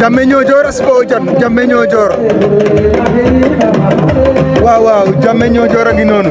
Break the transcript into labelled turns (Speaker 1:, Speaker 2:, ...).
Speaker 1: jamme ñoo joor a sibo jan jamme ñoo joor waaw a ngi noonu